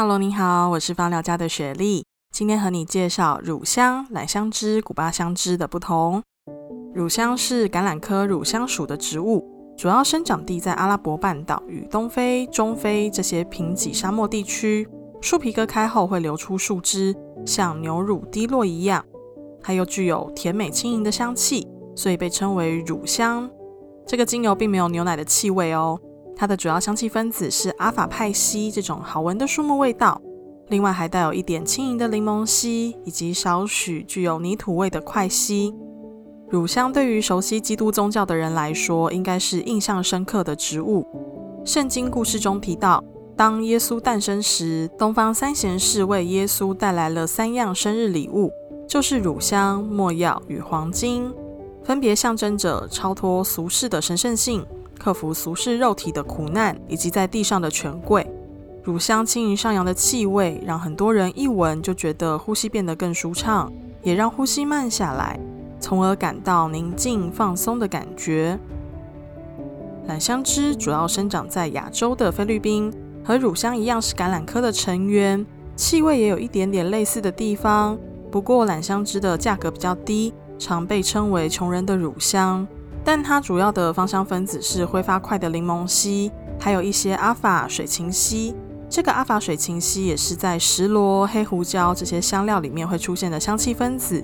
Hello，你好，我是芳療家的雪莉，今天和你介紹乳香、欖香脂、古巴香脂的不同。乳香是橄欖科乳香屬的植物，主要生長地在阿拉伯半島與東非、中非這些貧瘠沙漠地區。樹皮割開後會流出樹脂，像牛乳滴落一樣，它又具有甜美輕盈的香氣，所以被稱為乳香。這個精油並沒有牛奶的氣味哦。它的主要香氣分子是阿法蒎烯，這種好聞的樹木味道。另外還帶有一點輕盈的檸檬烯，以及少許具有泥土味的檜烯。乳香對於熟悉基督宗教的人來說，應該是印象深刻的植物。聖經故事中提到，當耶穌誕生時，東方三賢士為耶穌帶來了三樣生日禮物，就是乳香、沒藥與黃金，分別象徵着超脫俗世的神聖性。克服俗世肉體的苦難，以及在地上的權貴。乳香輕盈上揚的氣味，讓很多人一聞就覺得呼吸變得更舒暢，也讓呼吸慢下來，從而感到寧靜放鬆的感覺。欖香脂主要生長在亞洲的菲律賓，和乳香一樣是橄欖科的成員，氣味也有一點點類似的地方。不過欖香脂的價格比較低，常被稱為窮人的乳香。但它主要的芳香分子是揮發快的檸檬烯，還有一些阿法水芹烯。這個阿法水芹烯也是在蒔蘿、黑胡椒這些香料裡面會出現的香氣分子。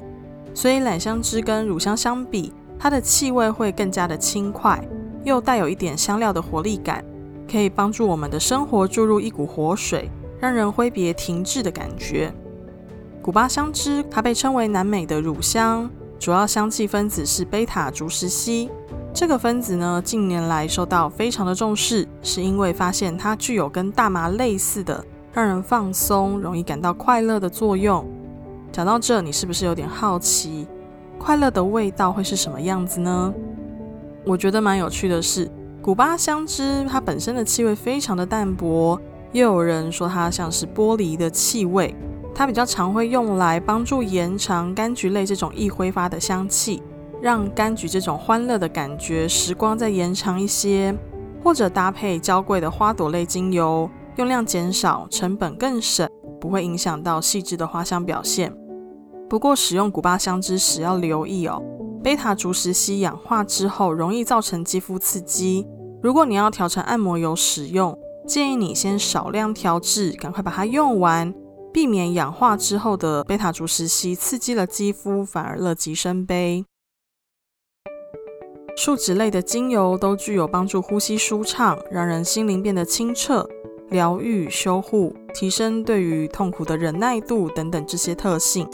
所以，欖香脂跟乳香相比，它的氣味會更加的輕快，又帶有一點香料的活力感，可以幫助我們的生活注入一股活水，讓人揮別停滯的感覺。古巴香脂，它被稱為南美的乳香。主要香氣分子是貝塔石竹烯，這個分子呢近年來受到非常的重視，是因為發現它具有跟大麻類似的讓人放鬆、容易感到快樂的作用。講到這，你是不是有點好奇，快樂的味道會是什麼樣子呢？我覺得蠻有趣的是，古巴香脂它本身的氣味非常的淡薄，又有人說它像是玻璃的氣味。它比較常會用來幫助延長柑橘類這種易揮發的香氣，讓柑橘這種歡樂的感覺時光再延長一些，或者搭配嬌貴的花朵類精油，用量減少，成本更省，不會影響到細緻的花香表現。不過使用古巴香脂時要留意哦，貝塔石竹烯氧化之後容易造成肌膚刺激。如果你要調成按摩油使用，建議你先少量調製，趕快把它用完。避免氧化之後的貝塔石竹烯刺激了肌膚，反而樂極生悲。樹脂類的精油都具有幫助呼吸舒暢、讓人心靈變得清澈、療癒、修護、提升對於痛苦的忍耐度等等這些特性。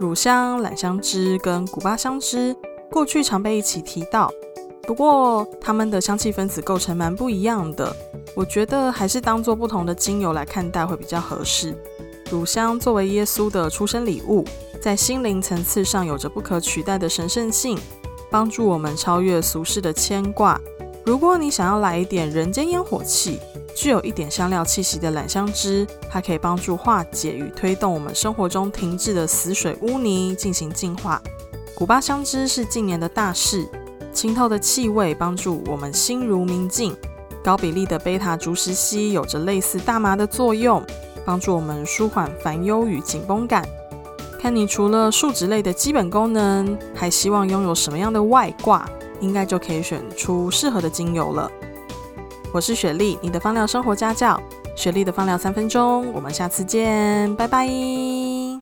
乳香、欖香脂跟古巴香脂過去常被一起提到，不過它們的香氣分子構成蠻不一樣的，我覺得還是當做不同的精油來看待會比較合適。乳香作為耶穌的出生禮物，在心靈層次上有着不可取代的神聖性，幫助我們超越俗世的牽掛。如果你想要來一點人間煙火氣，具有一點香料氣息的欖香脂，它可以幫助化解與推動我們生活中停滯的死水污泥進行淨化。古巴香脂是近年的大事，清透的氣味幫助我們心如明鏡。高比例的貝塔石竹烯有着類似大麻的作用。幫助我們舒緩煩憂與緊繃感。看你除了樹脂類的基本功能，還希望擁有什麼樣的外掛，應該就可以選出適合的精油了。我是雪莉，你的芳療生活家教。雪莉的芳療三分鐘，我們下次見，拜拜。